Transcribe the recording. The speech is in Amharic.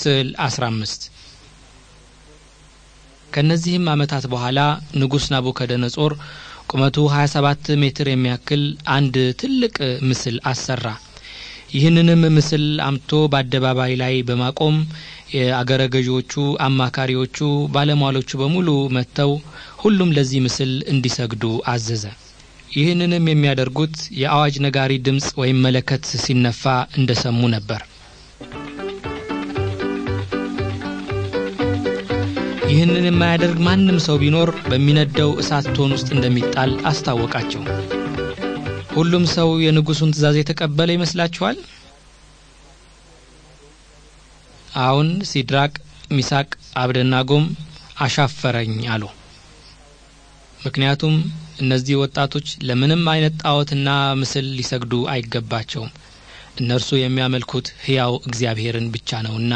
ስዕል 15 ከእነዚህም ዓመታት በኋላ ንጉሥ ናቡከደነጾር ቁመቱ 27 ሜትር የሚያክል አንድ ትልቅ ምስል አሰራ። ይህንንም ምስል አምጥቶ በአደባባይ ላይ በማቆም የአገረ ገዢዎቹ፣ አማካሪዎቹ፣ ባለሟሎቹ በሙሉ መጥተው ሁሉም ለዚህ ምስል እንዲሰግዱ አዘዘ። ይህንንም የሚያደርጉት የአዋጅ ነጋሪ ድምፅ ወይም መለከት ሲነፋ እንደሰሙ ነበር። ይህንን የማያደርግ ማንም ሰው ቢኖር በሚነደው እሳት ቶን ውስጥ እንደሚጣል አስታወቃቸው። ሁሉም ሰው የንጉሱን ትእዛዝ የተቀበለ ይመስላችኋል? አሁን ሲድራቅ፣ ሚሳቅ አብደናጎም አሻፈረኝ አሉ። ምክንያቱም እነዚህ ወጣቶች ለምንም አይነት ጣዖትና ምስል ሊሰግዱ አይገባቸውም። እነርሱ የሚያመልኩት ሕያው እግዚአብሔርን ብቻ ነውና